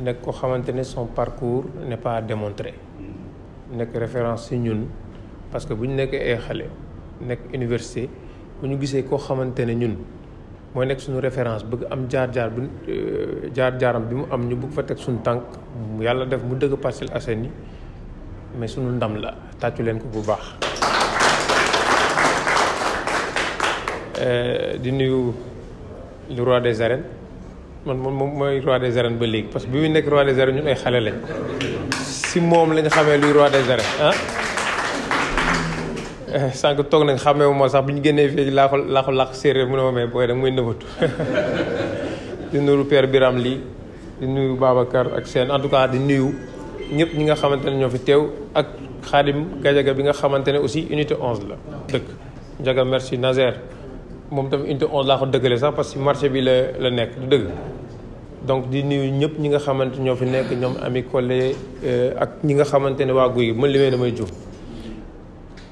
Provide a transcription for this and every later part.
nekk ko xamante ne son parcours n'est pas démontré nekk référence ci ñun parce que bu ñu nekkee ay xale nekk université bu ñu gisee koo xamante ne ñun mooy nekk suñu référence bëgg am jaar-jaar bu euh, jaar-jaaram bi mu am ñu bugg fa teg suñu tànk yàlla def mu dëgg Parcelles Assainies mais suñu ndam la tàccu leen ko bu baax euh, di nuyu le roi des arènes man moom mooy roi des arènes ba léegi parce que bi muy nekk roi des arènes ñun ay xale lañ si moom lañ xamee luy roi des arènes ah. Eh, sànq toog nañ xamee wu ma sax bu ñu génnee fii laa ko laa ko làq séeréer mu ne ma booy da mooy nëbatu di nuyu père Biram lii di nuyu Babacar ak seen en tout cas di nuyu ñëpp ñi nga xamante ne ñoo fi teew ak Xaadim Gajaga bi nga xamante ne aussi unité 11 la. dëkk Njaga merci Nazer. moom tamit unité 11 laa ko dëggale sax parce que marché bi la la nekk du dëgg donc di nuyu ñëpp ñi nga xamante ñoo fi nekk ñoom ami collé euh, ak ñi nga xamante ne waa guy gi man limee damay jub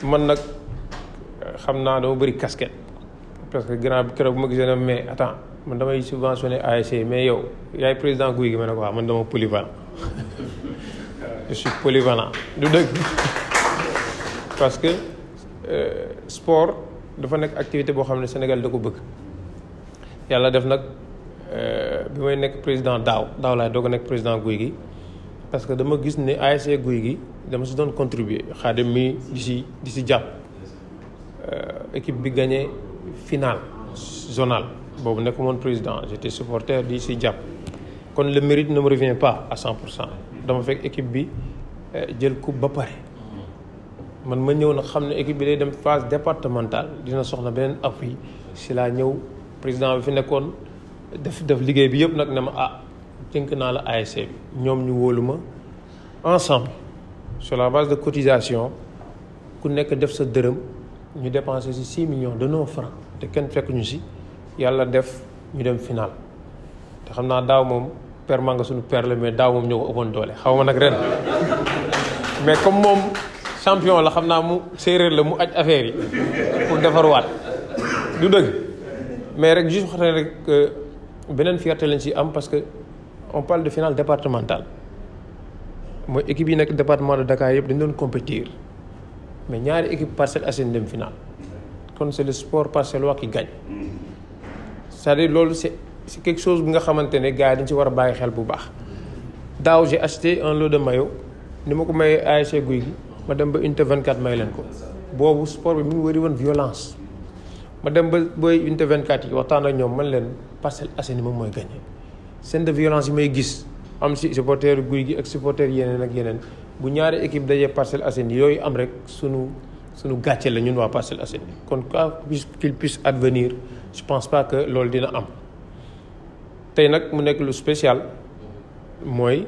man nag euh, xam naa dama bëri casquette parce que grand bi keroog bu ma gisee ne mais attends man damay subventionné ASC mais yow yaay président guy gi ma ne ko waaw man dama polyvalent je suis polyvalent du dëgg parce que euh, sport dafa nekk activité boo xam ne Sénégal da ko bëgg yàlla def nag euh, bi may nekk président daaw daaw laay doo ko nekk président guy gi parce que dama gis ne ASC guy gi dama si doon contribuer xaadim mi di si di si jàpp euh, équipe bi gagné finale zonal boobu nekk moon président j'étais supporter di si jàpp kon le mérite ne me revient pas à cent pour cent dama fekk équipe bi euh, jël coupe ba pare man ma ñëw nag xam ne équipe bi de dem phase départementale dina soxla beneen appui si laa ñëw président bi fi nekkoon def def liggéey bi yëpp nag ne ma ah tënk naa la ASC bi ñoom ñu wóolu ma ensemble sur la base de cotisation ku nekk def sa dërëm ñu dépensé si 6 millions de nos francs te kenn fekk si yàlla def ñu dem final te xam naa daaw moom perma nga suñu perle mais daaw moom ñoo ko ëppoon doole xaw ma nag ren mais comme moom champion la xam naa mu séeréer la mu aj affaire yi pour defarwaat du dëgg mais rek juste waxtaan rek beneen fierté lañ am parce que on pale de finale départementale mooy équipe yi nekk département de Dakar yëpp dañ doon compétir mais ñaari équipe Parcelles Assainies dem finale kon c'est le sport parcellois qui gagne c'est-à-dire loolu si si quelque chose bi nga xamante ne gars yi dañ ci war a bàyyi xel bu baax daaw j'ai acheté en lot de mayo ni ma ko mayee ASC guy gi ma dem ba unité 24 may leen ko boobu sport bi mi ngi woon violence ma dem ba booy unité 24 yi waxtaan ak ñoom man leen Parcelles Assainies moom mooy gagné scène de violence yi may gis am si supporter guy gi ak supporter yeneen ak yeneen bu ñaari équipe dajee Parcelles Assainies yooyu am rek sunu sunu gàcce la ñun waa Parcelles Assainies kon quoi qu'il puisse advenir je pense pas que loolu dina am tey nag mu nekk lu spécial mooy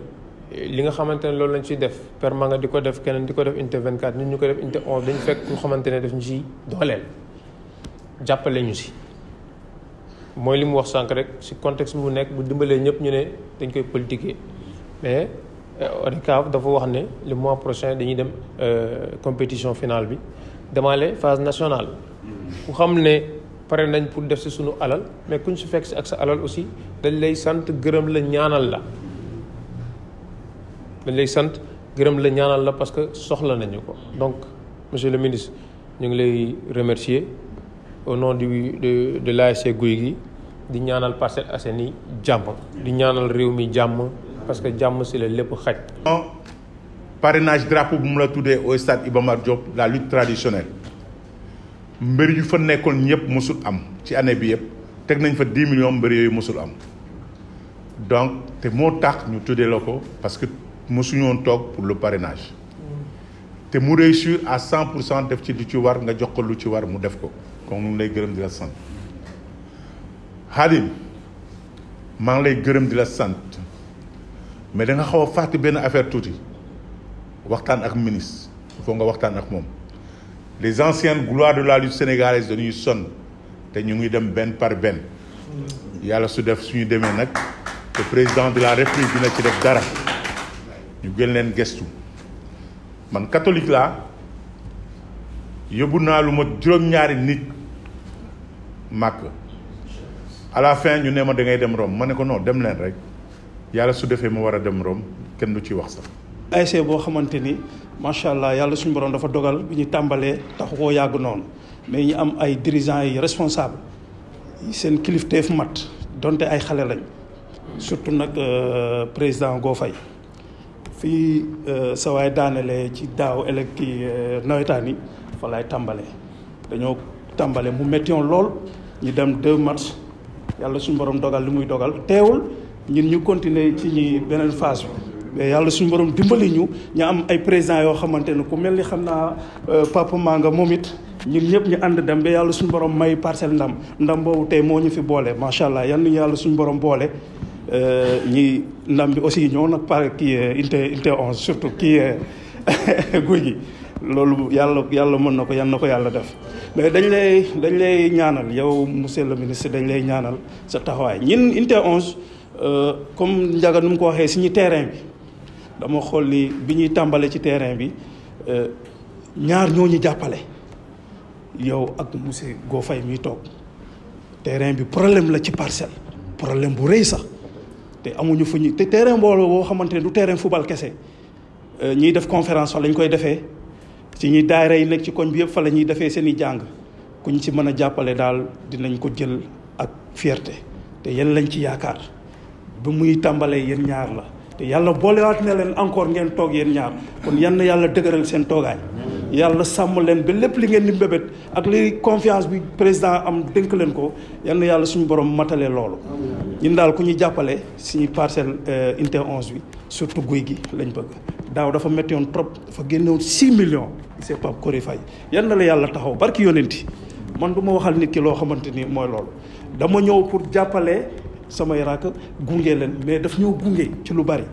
li nga xamante ne loolu lañ ciy def permanent di ko def keneen di ko def unité 24 ñun ñu ko def unité 11 dañu fekk ñu xamante ne daf ñu ci dooleel jàppale ñu si mooy li mu wax sànq rek si contexte mu nekk bu dimbalee ñëpp ñu ne dañ koy politiquer mais euh, ODCAV dafa wax ne le mois prochain dañuy dem euh, compétition finale bi demaale phase nationale ku xam ne pare nañ pour def si sunu alal mais kuñ si fekk si ak sa alal aussi dañ lay sant gërëm la ñaanal la dañ lay sant gërëm la ñaanal la parce que soxla nañu ko donc monsieur le ministre ñu ngi lay remercier au nom de de l'ASC Gouy Gui di ñaanal Parcelles Assainies jàmm di ñaanal réew mi jàmm parce que jàmm si la lépp xaj. parrainage drapeau bu mu la tuddee au stade Iba Diop la lutte traditionnelle mbër fa nekkoon ñëpp mosul am ci année bi yëpp teg nañ fa 10 millions mbër yooyu mosul am donc te moo tax ñu tuddee la ko parce que. mësuñu woon toog pour le parrainage te mu réussir à 100 pour cent def ci lu ci war nga jox ko lu ci war mu def ko kon mu ngi lay gërëm di la sant Khadim maa ngi lay gërëm di la sant mais da nga xaw a fàtte benn affaire tuuti waxtaan ak ministre il nga waxtaan ak moom les anciennes gloires de la lutte sénégalaise dañuy sonn te ñu ngi dem benn par benn yàlla su def suñu demee nag te président de la république dina ci def dara ñu gën leen gestu man katolik laa yóbbu naa lu ma juróom-ñaari nit màkk à la fin ñu ne ma da ngay dem Rome ma ne ko non dem leen rek yàlla su defee ma war a dem Rome kenn du ci wax sax. ASC boo xamante ni macha allah yàlla suñu borom dafa dogal bi ñu tàmbalee taxu koo yàgg noonu mais ñu am ay dirigeants yi responsable seen fu mat donte ay xale lañ surtout nag euh, président goo Faye fii euh, sa waay daanelee ci daaw élec kii euh, nawetaan yi fa tàmbale dañoo tàmbale mu méttiwoon lool ñu dem deux matchs yàlla suñu borom dogal li muy dogal teewul ñun ñu continuer ci ñi beneen phase yàlla suñu borom dimbali ñu ña am ay président yoo xamante ne ku mel ni xam naa euh, Papa Manga moom it ñun ñëpp ñu ànd dem ba yàlla suñu borom may parcelle ndam ndam boobu tey moo ñu fi boole macha allah yal nañu yàlla suñu borom boole. Euh, ñi ndam bi aussi ñëw nag par kii unité unité onze surtout kii guy gi loolu yàlla yàlla mën na ko yan na ko yàlla def mais dañ lay dañ lay ñaanal yow monsieur le ministre dañ lay ñaanal sa taxawaay ñin unité onze euh, comme njaga nu mu ko waxee suñu terrain bi dama xool ni bi ñuy tàmbalee ci terrain bi euh, ñaar ñoo ñu jàppale yow ak monsieur Go Faye mi toog terrain bi problème la ci parcelle problème bu rëy sax te amuñu fu ñu te terrain mbooloo boo xamante ni du terrain football kese euh, ñiy def conférence fa lañ koy defee ci ñi daayira yi nekk ci koñ bi yëpp fa la ñuy defee seen i jàng ku ñu si mën a jàppale daal dinañ ko jël ak fierté te yéen lañ ci yaakaar ba muy tàmbalee yéen ñaar la. te yàlla boolewaat ne leen encore ngeen toog yéen ñaar kon yan na yàlla dëgëral seen toogaay yàlla sàmm leen ba lépp li ngeen di mbébét ak li confiance bi président am dénk leen ko yan yàlla suñu borom matalee loolu ñun daal ku ñu jàppale suñu parcelle euh, unité 11 bi surtout guy gi lañ bëgg daaw dafa métti woon trop dafa génnewoon 6 million c'est Pape Kory Faye yan na la yàlla taxaw barki yonenti man du ma waxal nit ki loo xamante ni mooy loolu dama ñëw pour jàppale samay rakk gunge leen mais daf ñoo gunge ci lu bari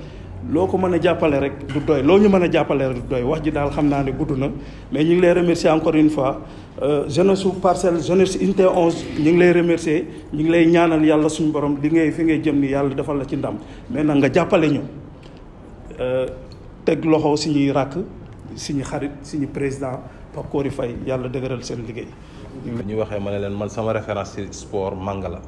loo ko mën a jàppale rek du doy loo ñu mën a jàppale rek du doy wax ji daal xam naa ne gudd na mais ñu ngi lay remercier encore une fois euh, jeunesse su parcelle jeunesse unité 11 ñu ngi lay remercier ñu ngi lay ñaanal yàlla suñu borom li ngay fi ngay jëm ni yàlla defal la ci ndam mais nag nga jàppale ñu euh, teg loxo suñuy rakk suñu xarit suñu président Pape Kory Faye yàlla dëgëral seen liggéey. ñu waxee ma ne leen man sama référence ci sport Manga la.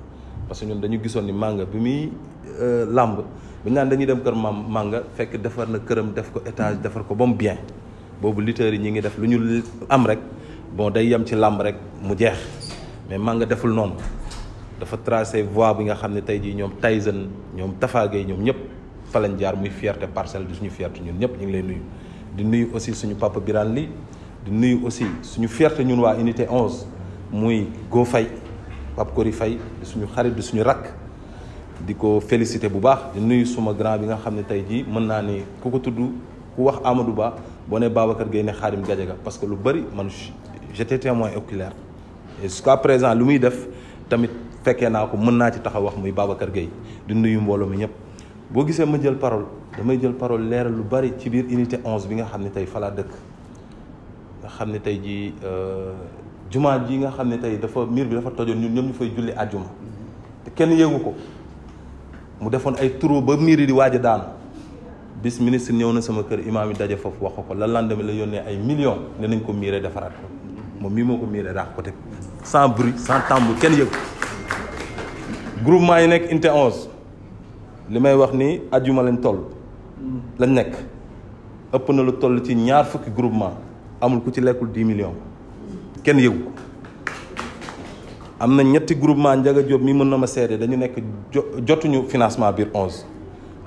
parce que ñun dañu gisoon ni manga bi muy euh, làmb bi naan dañuy dem kër mam manga fekk defar na këram def ko étage defar ko ba mu bien boobu lutteurs yi ñi ngi def lu ñu am rek bon day yem ci làmb rek mu jeex mais manga deful noonu dafa tracé voie bi nga xam ne tey jii ñoom Tyson ñoom Tapha Gueye ñoom ñëpp fa lañ jaar muy fierté parcelle di suñu fierté ñun ñëpp ñu ngi lay nuyu di nuyu aussi suñu papa Birane li di nuyu aussi suñu fierté ñun waa unité 11 muy Go Faye ab Kori fay di suñu xarit di suñu rakk di ko félicité bu baax di nuyu suma grand bi nga xam ne tey jii mën naa ne ku ko tudd ku wax Amadou Ba boo ne Babacar Gueye ne Khadim Gadiaga parce que lu bëri man j'étais témoin oculaire et jusqu'à présent lu muy def tamit fekkee naa ko mën naa ci taxa wax muy Babacar Gueye di nuyu mbooloo mi ñëpp boo gisee ma jël parole damay jël parole leeral lu bari ci biir unité 11 bi nga xam ne tey falaa dëkk nga xam ne tey jii euh, jumaa ji nga xam ne tey dafa miir bi dafa tojoon ñun ñoom ñu fay julli àjjuma te kenn yëgu ko mu defoon ay trou ba miir yi di waaj daanu bis ministre ñëw na sama kër imaam yi daje foofu wax ko la lendemain la yónnee ay millions ne nañ ko miiree defaraat moom mii moo ko miiree raax ko teg sans bruit sans tambour kenn yëgu groupement yi nekk unité onze li may wax ni àjjuma lañ toll lañ nekk ëpp na lu toll ci ñaar fukki groupement amul ku ci lekkul dix millions kenn yëgu am na ñetti groupement Ndiaga Diop mi mën na ma seede dañu nekk jotuñu financement biir 11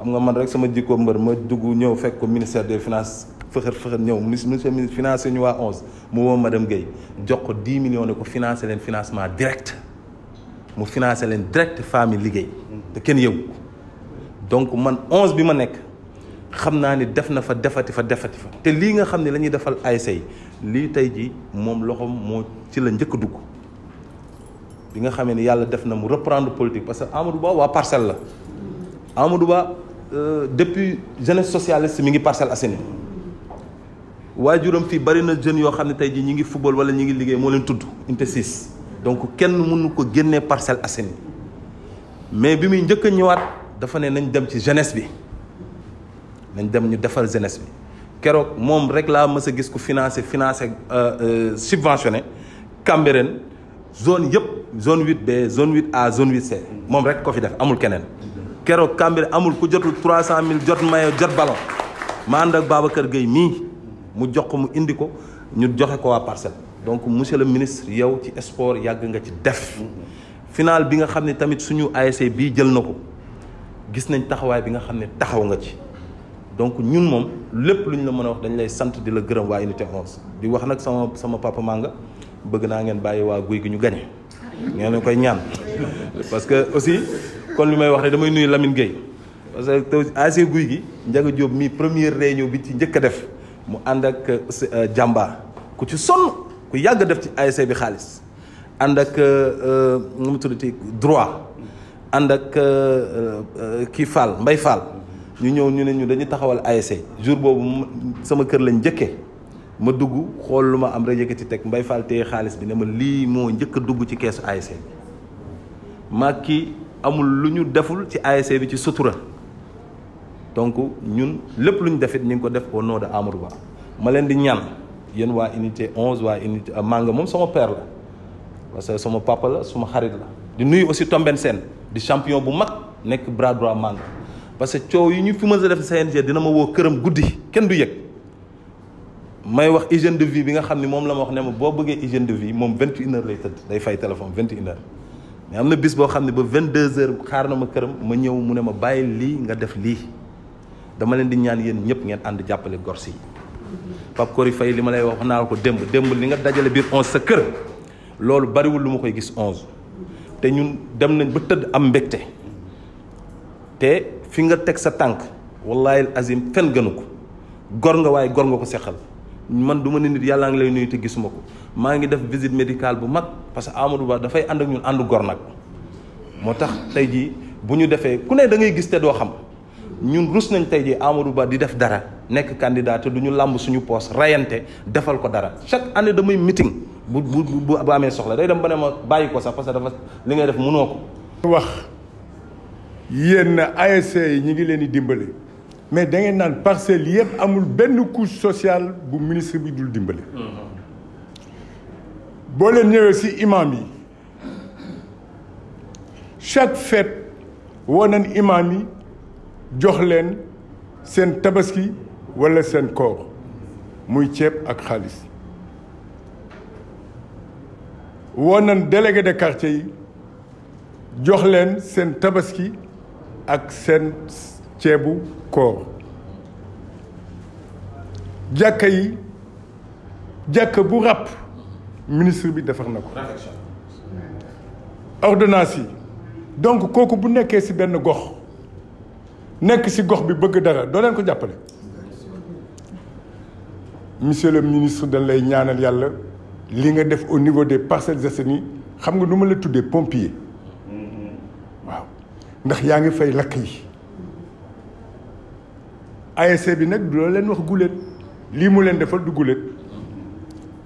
am nga man rek sama jikko mbër ma dugg ñëw fekk ko ministère des finances fëxër fëxër ñëw monsieur ministre financé ñu waa 11 mu woo madame Guèye jox ko 10 millions ko financé leen financement direct mu financé leen direct famille liggéey te kenn yëgu donc man 11 bi ma nekk. xam naa ni def na fa defati fa defati fa te lii nga xam ne lañuy defal ay yi lii tey ji moom loxo moo ci la njëkk dugg bi nga xamee ni yàlla def na mu reprendre politique parce que Amadou Ba waa parcelle la Amadou Ba euh, depuis jeunesse socialiste mi ngi Parcelles waa waajuram fii bari na jeunes yoo xam ne tey jii ñi ngi football wala ñi ngi liggéey moo leen tudd inte donc kenn mënu ko génnee Parcelles Assainies mais bi muy njëkk a ñëwaat dafa ne nañ dem ci jeunesse bi nañ dem ñu defal jeunesse bi keroog moom rek laa mës a gis ku financé financé euh, euh, subventionné Cambérène zone yëpp zone 8B zone 8A zone 8C moom rek ko fi def amul keneen keroog Cambérène amul ku jotul 300000 jot maillot jot ballon ma ànd ak kër Gueye mii mu jox ko mu indi ko ñu joxe ko waa parcelle donc monsieur le ministre yow ci sport yàgg nga ci def final bi nga xam ne tamit suñu ASC bii jël na ko gis nañ taxawaay bi nga xam ne taxaw nga ci donc ñun moom lépp lu ñu la mën a wax dañu lay sant di la gërëm waa unité 11 di wax nag sama sama papa Manga bëgg naa ngeen bàyyi waa guy gi ñu gañe ngeen koy ñaan parce que aussi kon li may wax ne damay nuyu Lamine Gueye parce que ASC guy gi Ndiaga Diop mi première réunion bi ci njëkk a def mu ànd ak euh, jàmba ku ci sonn ku yàgg def ci ASC bi xaalis ànd ak euh, euh, nu tudd tuddati droit ànd ak kii Fall Mbay Fall ñu ñëw ñu ne ñu dañu taxawal ASC jour boobu sama kër lañ njëkkee ma dugg xool lu ma am rek ci teg mbay faal xaalis bi ne ma lii moo njëkk a dugg ci keesu ASC bi maa kii amul lu ñu deful ci ASC bi ci sutura donc ñun lépp lu ñu defit ñu ngi ko def au nom de ma leen di ñaan yéen waa unité 11 waa unité euh, Manga moom sama père la parce que sama papa la suma xarit la di nuyu aussi Tomben seen di champion bu mag nekk bras droit Manga parce que coow yi ñu fi ma a def CNG dina ma woo këram guddi kenn du yëg may wax hygiène de vie bi nga xam ni moom la ma wax ne ma boo bëggee hygiène de vie moom vingt une heure lay tëdd day fay téléphone vingt une heure mais am na bis boo xam ne ba vingt deux heures xaar na ma këram ma ñëw mu ne ma bàyyi lii nga def lii dama leen di ñaan yéen ñëpp ngeen ànd jàppale gorsi yi Pape Kory Faye li ma lay wax naa ko démb démb li nga dajale biir onze sa kër loolu bariwul lu ma koy gis onze te ñun dem nañ ba tëdd am mbégte te fi nga teg sa tànk wallahi azim fen gënu ko gor nga waaye gor nga ko seqal man du ma ne nit yàllaa ngi lay nuyu te gisuma ko maa ngi def visite médicale bu mag parce que Amadou Ba dafay ànd ak ñun àndu gor nag moo tax tey jii bu ñu defee ku ne da ngay gis te doo xam ñun rus nañ tey jii Amadou Ba di def dara nekk candidat te du ñu làmb suñu poos reyante defal ko dara chaque année damay meeting bu bu bu amee soxla day dem ba ne ma bàyyi ko sax parce que dafa li ngay def mënoo yéen ASC yi ñu ngi leen di dimbale mais da naan parcelles yëpp amul benn couche social bu ministre bi dul dimbale. boo leen ñëwee ci imam yi chaque fete woo nañ imam yi jox leen seen tabaski walla seen koor muy ceeb ak xaalis woo nañ délégué de quartier yi jox leen seen tabaski. ak seen ceebu koor jàkka yi jàkka bu ràpp ministre bi defar na ko ordonnance donc kooku bu nekkee si benn gox nekk si gox bi bëgg dara doo leen ko jàppale monsieur le ministre dañ lay ñaanal yàlla li nga def au niveau des Parcelles Assainies xam nga nu ma la tuddee pompier ndax yaa ngi fay lakk yi ASC bi nag du la leen wax guléet lii mu leen defal du guléet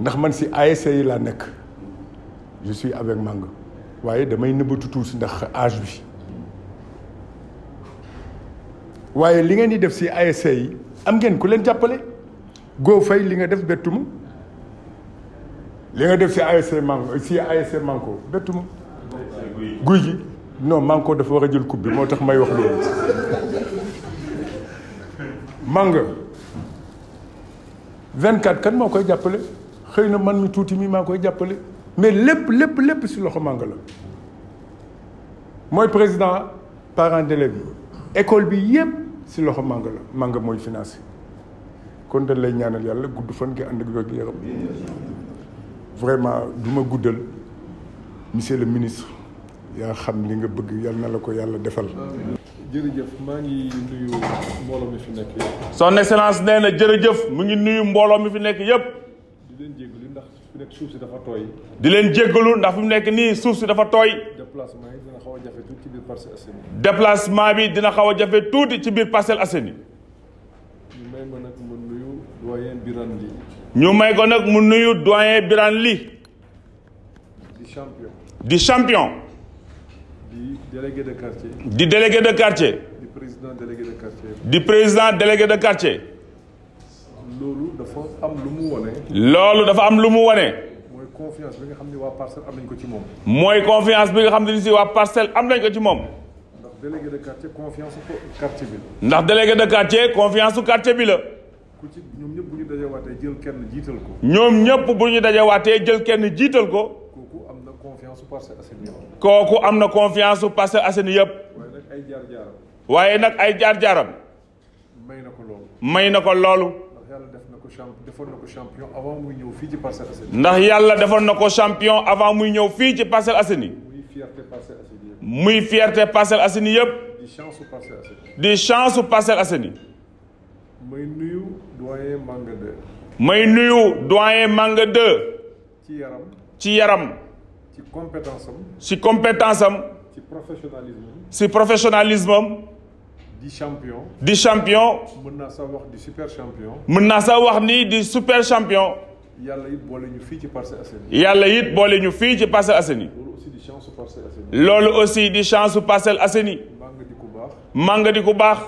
ndax man si ASC yi laa nekk je suis avec Manga waaye damay nëbbatu si ndax âge bi waaye li ngeen di def si ASC yi am ngeen ku leen jàppale goo fay li nga def bettuma li nga def si ASC Manko si ASC guy gi non Manko dafa war a jël coupe bi moo tax may wax loolu Manga 24 kan moo koy jàppale xëy na man mi tuuti mi maa koy jàppale mais lépp lépp lépp si loxo Manga la mooy président parent d'élève bi école bi yépp si loxo Manga la Manga mooy financé kon dañ lay ñaanal yàlla gudd fan gi ànd ak wér-gu-yaram vraiment duma ma guddal monsieur le ministre yaa xam li nga bëgg yal na la ko yàlla defal. jërëjëf maa ngi nuyu mbooloo fi nekk yëpp. son nee na jërëjëf mu ngi nuyu mbooloo mi fi nekk yëpp. di leen jéggalu ndax dafa tooy. di leen jéggalu ndax fi mu nekk nii suuf si dafa tooy. déplacement yi dina xaw a jafe tuuti ci biir Parcelles Assainies. déplacement bi dina xaw a jafe tuuti ci biir Parcelles Assainies. ñu may ko nag mu nuyu doyen Birane Ly. ñu may ko nag mu nuyu doyen Birane Ly. di champion. di délégué de quartier. di délégué de quartier. di président délégué de quartier. di président délégué de quartier. loolu dafa am lu mu wone loolu dafa am lu mu wane. mooy confiance bi nga xam ne waa parcelle am nañ ko ci moom. mooy confiance bi nga xam ne si waa parcelle am nañ ko ci moom. ndax délégué de quartier confiance su quartier bi la. ndax délégué de quartier su quartier bi la. ku ci ñoom ñëpp bu ñu dajewaatee jël kenn jiital ko. ñoom ñëpp bu ñu dajewaatee jël kenn jiital ko. kooku am na confiance su Parcelles Assainies yëpp. waaye nag ay jaar-jaaram. may na ko loolu. may na ko loolu. ndax yàlla def na ko defoon na ko champion avant muy ñëw fii ci Parcelles Assainies. ndax yàlla defoon na ko champion avant muy ñëw fii ci Parcelles Assainies. muy fierté Parcelles Assainies yëpp. muy fierté Parcelles Assainies yëpp. di chance su Parcelles Assainies. chance su Parcelles Assainies. may nuyu doyen Manga 2. may nuyu doyen Manga 2. ci yaram. ci yaram. ci compétence am. ci compétence am. ci professionnalisme am. ci di champion. di champion. mun naa sa wax di super champion. mën naa sax wax ni di super champion. yàlla it boole ñu fii ci Parcelles Assainies. yàlla it boole ñu fii ci Parcelles Assainies. loolu aussi di chance su Parcelles Assainies. aussi di chance su Parcelles Assainies. mànga di ku baax. mànga baax.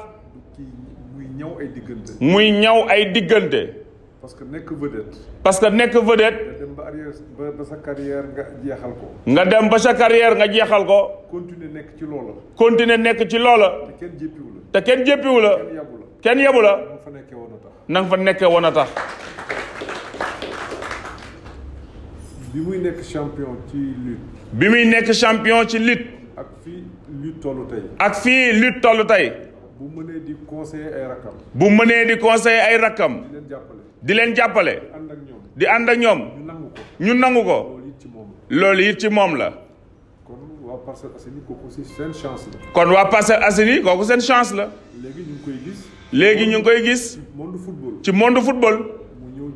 muy ay diggante. muy ñaw ay diggante. parce que nekk vedette. parce que nekk vedette. nga dem ba sa carrière nga jeexal ko. nga dem ba sa carrière nga jeexal ko. continuer nekk ci loola. continuer nekk ci loola. te kenn jéppiwu la. te kenn jéppiwu la. kenn fa nekkee woon a tax. fa nekkee woon a tax. bi muy nekk champion ci lutte. bi muy nekk champion ci lutte. ak fii lutte tollu tey. ak fii lutte tollu tey. bu mënee di conseiller ay rakkam. mënee di conseiller ay rakkam. di leen di leen jàppale di ànd ak ñoom ñu nangu ko loolu it ci moom la kon waa Parcelles Assainies kooku seen chance la léegi ñu ngi koy gis ci monde football ci monde football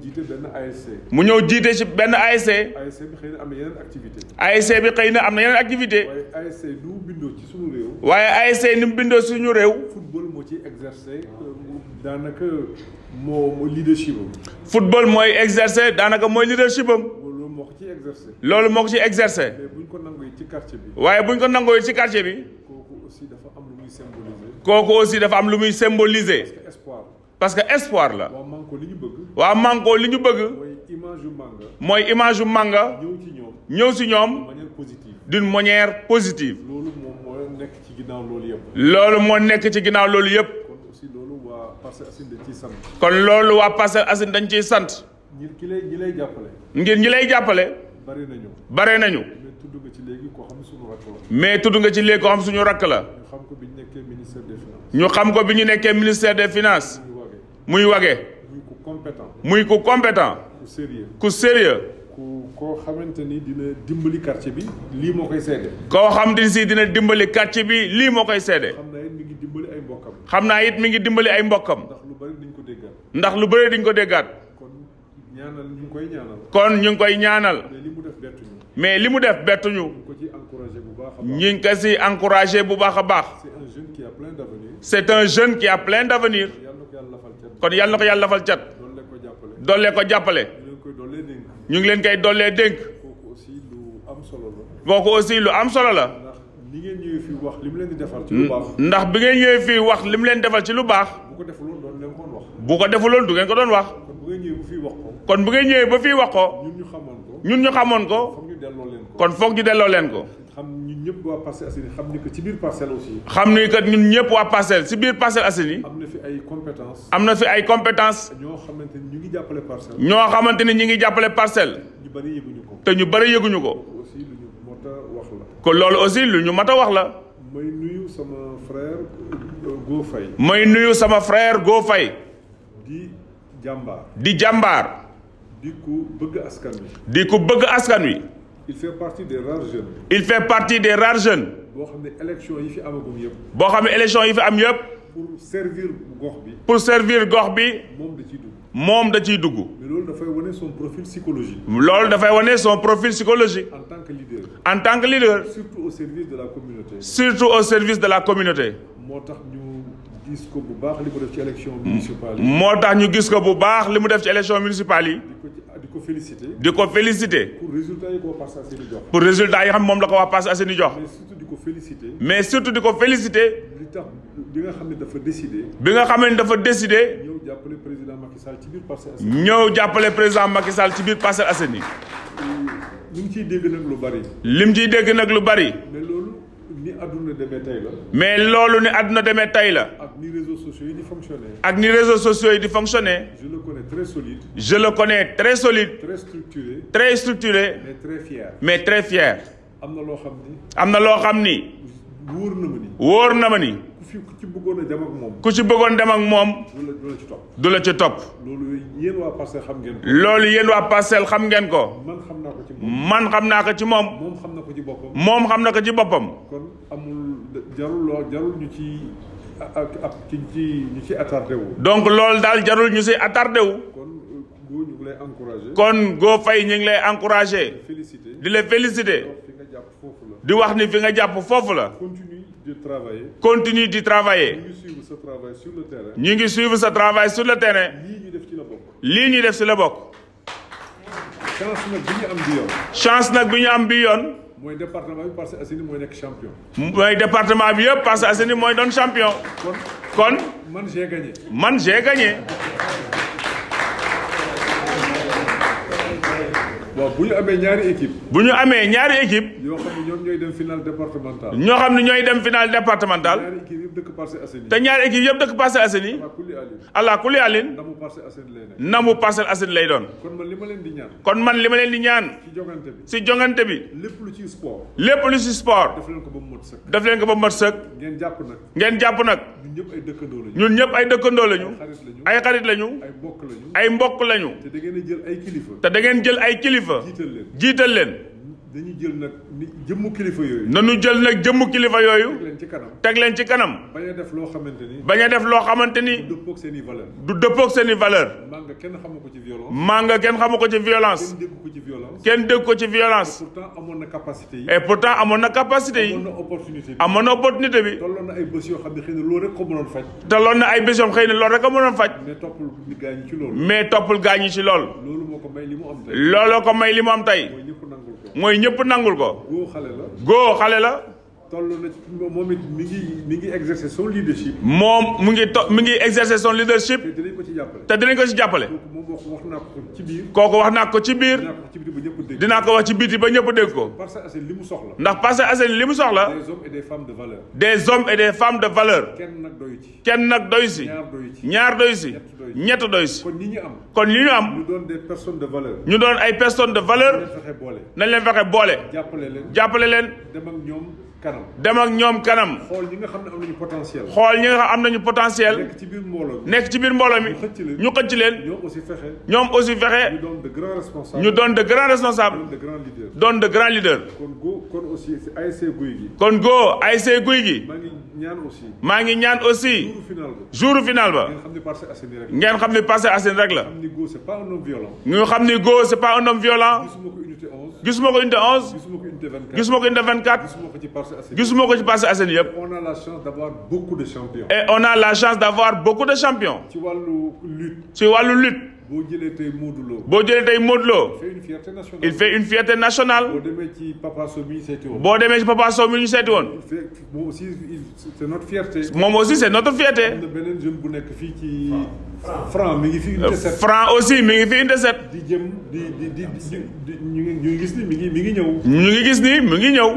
jiite benn ASC. mu ñëw jiite ci benn ASC. ASC bi xëy na am na yeneen activité. ASC bi xëy na am na yeneen activité. waaye ASC ni mu bindoo ci suñu réew. waaye ASC mu bindoo suñu réew. football moo ci euh, daanaka mooy leadership am. football mooy exercer daanaka mooy leadership am. loolu moo ko ci exercer. loolu moo ci exercer. buñ ko nangoo ci quartier bi. waaye buñ ko nangoo ci quartier bi. kooku aussi dafa am lu muy symboliser. kooku aussi dafa am lu muy symboliser. parce que espoir la. waa manko li ñu bëgg mooy image yu manga ñëw si ñoom d'une manière positive loolu moo nekk ci ginnaaw loolu yëpp loolu moo nekk ci ginnaaw loolu yëpp kon loolu waa Parcelles Assainies dañ ciy sant ngir ki lay ñi lay jàppale ngir ñi lay jàppale bare nañu bare nañu mais tudd nga ci léegi ko xam suñu rakk la ñu xam ko bi ñu nekkee ministère des finances ñu xam ko bi ñu nekkee ministère des finances muy wage compétent. muy ku compétent. ku sérieux koo xamante ni dina dimbali quartier bi lii moo koy seede. koo xam ne si dina dimbali quartier bi lii moo koy seede. xam naa it mu ngi dimbali ay mbokkam. xam naa it mi ngi dimbali ay mbokkam. ndax lu bëri dañ ko déggaat. ndax lu dañ ko déggaat. kon ñaanal ñu ngi koy ñaanal. kon ñu ngi koy ñaanal. mais li mu def bettuñu. mais li mu def bettuñu. ñu ngi ko ci encouragé bu baax a baax. ñu ngi si encouragé bu baax a baax. c'est un jeune qui a plein d'avenir. c'est un jeune qui a plein kon yàlla ko yàlla fal cat. dollee ko jàppale. ñu ngi leen koy dollee dénk. ko aussi lu am solo la. bi ngeen ñëwee fii wax li mu leen di ci lu baax. ndax bi ngeen ñëwee fii wax li mu leen defal ci lu baax. bu ko defuloon doon leen bu ko defuloon du ngeen ko doon wax. kon bu ngeen ñëwee ba fii wax ko. kon bu ñëwee ba fii wax ko. ñun ñu xamoon ñun ñu xamoon ko. foog ñu delloo leen ko. kon foog ñu delloo leen ko. xam ñun ñëpp waa Parcelles Assainies xam ni que ci biir Parcelles aussi. xam ni que ñun ñëpp waa Parcelles si biir Parcelles Assainies. am na fi ay compétences. am na fi ay compétence ñoo xamante ni ñu ngi jàppale Parcelles. ñoo xamante ni ñu ngi jàppale Parcelles. ñu bëri yëguñu ko. te ñu bëri yëguñu ko. aussi lu ñu mot a la. kon loolu aussi lu ñu mat a wax la. may nuyu sama frère euh, Go Faye. may sama frère Go di jàmbaar. di jàmbaar. di ku bëgg askan wi. di ku bëgg askan wi. il fait partie de rares jeunes. il fait partie des rares jeunes. boo xam ne élection yi fi amagum yëpp. boo xam ne élection fi am yëpp. pour servir gox bi. pour servir gox bi. moom da ciy dugg. moom da ciy dugg. loolu dafay wane son profil psychologique. loolu dafay wane son profil psychologique. en tant que leader. en tant que leader. surtout au service de la communauté. surtout au service de la communauté. moo tax ñu gis ko bu baax li mu def ci élection municipale yi. tax ñu gis ko bu baax li mu def ci élection municipale yi. félicité. di ko félicité. pour résultat yi ko waa Parcelles Assainies jox. pour résultat yi xam moom la ko waa Parcelles Assainies jox. mais surtout di ko félicité. mais surtout bi nga xam ne dafa décidé. bi nga xam ñëw jàppale président Macky ci biir Parcelles Assainies. ñëw ciy dégg nag lu bari. li ciy dégg nag lu bari. ni àdduna demee tey mais loolu ne àdduna demee tey la. ak ni réseaux sociaux yi di fonctionner. ak ni réseaux sociaux yi di fonctionner. je le connais très solide. je très solide. très structuré. très structuré. mais très fier. mais très fier. am na loo xam ni. am na loo xam ni. wóor na ma ni. na ma ni. ku ci bëggoon a moom. ku ci bëggoon dem ak moom. du la ci topp. du la ci loolu yéen waa parcelle xam ngeen ko. loolu yéen parcelle xam ngeen ko. man xam naa ko ci moom. man xam naa ko ci moom. xam na ko ci boppam. moom xam na ko ci boppam. kon amul jarul loo jarul ñu ci ak ci ñu ci wu. donc loolu daal jarul ñu si attardé wu. kon euh, góo ñu encouragé. kon góo fay ñu ngi lay encouragé. di la félicité. di wax ni fi nga jàpp foofu la. continue di travailler. continue di travailler. ñu ngi suivre sa travail sur le terrain. ñu ngi lii ñu def ci la bokk. lii chance nag bi ñu am bi yoon. chance nag bi ñu am bi yoon. mooy département bi Parcelles Assainies mooy nekk champion. mooy mooy doon champion. kon man j'ai man j'ai waaw bu ñu amee ñaari équipe. ñoom ñooy dem final départemental. ñoo xam ne ñooy dem final départemental. ñaari équipe yëpp dëkk Parcelles Assainies. te ñaari équipe yëpp dëkk Parcelles Assainies. allah kulli alin. namu Parcelles Assainies lay doon. kon man li ma leen di ñaan. kon man li ma leen di ñaan. si jongante bi lépp lu ci sport. def leen ko ba mu sëkk. ngeen jàpp nag. ñun ñëpp ay dëkkandoo lañu. ay xarit lañu ay mbokk lañu. te da ngeen jël ay kilifa kilifa jiital leen dañu jël nag jëmmu kilifa yooyu. nañu jël nag jëmmu kilifa yooyu. teg leen ci kanam teg leen ci kanam. bañ a def loo xamante ni. bañ a def loo xamante ni. du dëppoog seen i valeur. du dëppoog seen i kenn xamu ko ci violence. mànga kenn xamu ko ci violence. kenn dégg ko ci violence. kenn amoon na capacité yi. et amoon na capacité yi. amoon na opportunité bi amoon na opportunité bi. tolloon na ay bés yoo xam ne xëy na loolu rek ko mënoon faj. tolloon na ay bés yoo xëy na rek ko mënoon faj. mais toppul gaañ ci loolu. li mu am tey. looloo ko may li mu am mooy ñëpp nangul ko. góo xale xale la. toll na moom it mi ngi mu ngi to mi ngi exercer son leadership. te dinañ ko ci jàppale. kooku wax naa ko ci biir. kooku wax naa ko ci biir. wax ci biti ba ñëpp dégg ko. parce que li mu soxla. ndax parce que Assane li mu soxla. des hommes et des femmes de valeur. des hommes et des femmes de valeur. kenn nag doy ci. kenn nag doy si. ñaar doy si. ñett doy kon li ñu am. kon li ñu am. ñu doon des personnes de valeur. ñu doon ay personnes de valeur. nañ leen fexe boole. jàppale leen. dem ñoom. kanam dem ak ñoom kanam. xool ñi nga xam ne am nañu potentiel. xool ñi nga xam am nañu potentiel. nekk ci biir mbooloo mi ñu xëcc leen ñoom aussi fexe. ñoom aussi ñu doon de grands responsables. ñu doon de grands responsables. doon de grands leaders. doon de grands leaders. kon go kon aussi si ASC guy gi. maa ngi ñaan aussi. maa ngi ñaan aussi. jour final ba. ngeen xam ne Parcelles Assainies rek la. ngeen xam ne go c'est pas un homme violent. ñu xam ne go c'est pas un homme violent. gis ko unité 11. gis ko unité 24 gisuma ko ci Parcelles Assainies yëpp. on a la chance d'avoir beaucoup de champions. et on a la chance d'avoir beaucoup de champions. ci wàllu lutte. ci boo jëlee tey Modou Lo. boo jëlee tey Modou Lo. il fait une fierté nationale. il fait une fierté nationale. boo demee ci Papa Sow mi ñu seeti woon. boo demee ci moom aussi c'est notre fierté. beneen jeune bu nekk fii ci. Franc mi ngi fi une décette. Franc aussi mi ngi fi une décette. di jëm di di di di ñu ngi gis ni mi mi ngi ñëw. ñu ngi gis ni mi ngi ñëw.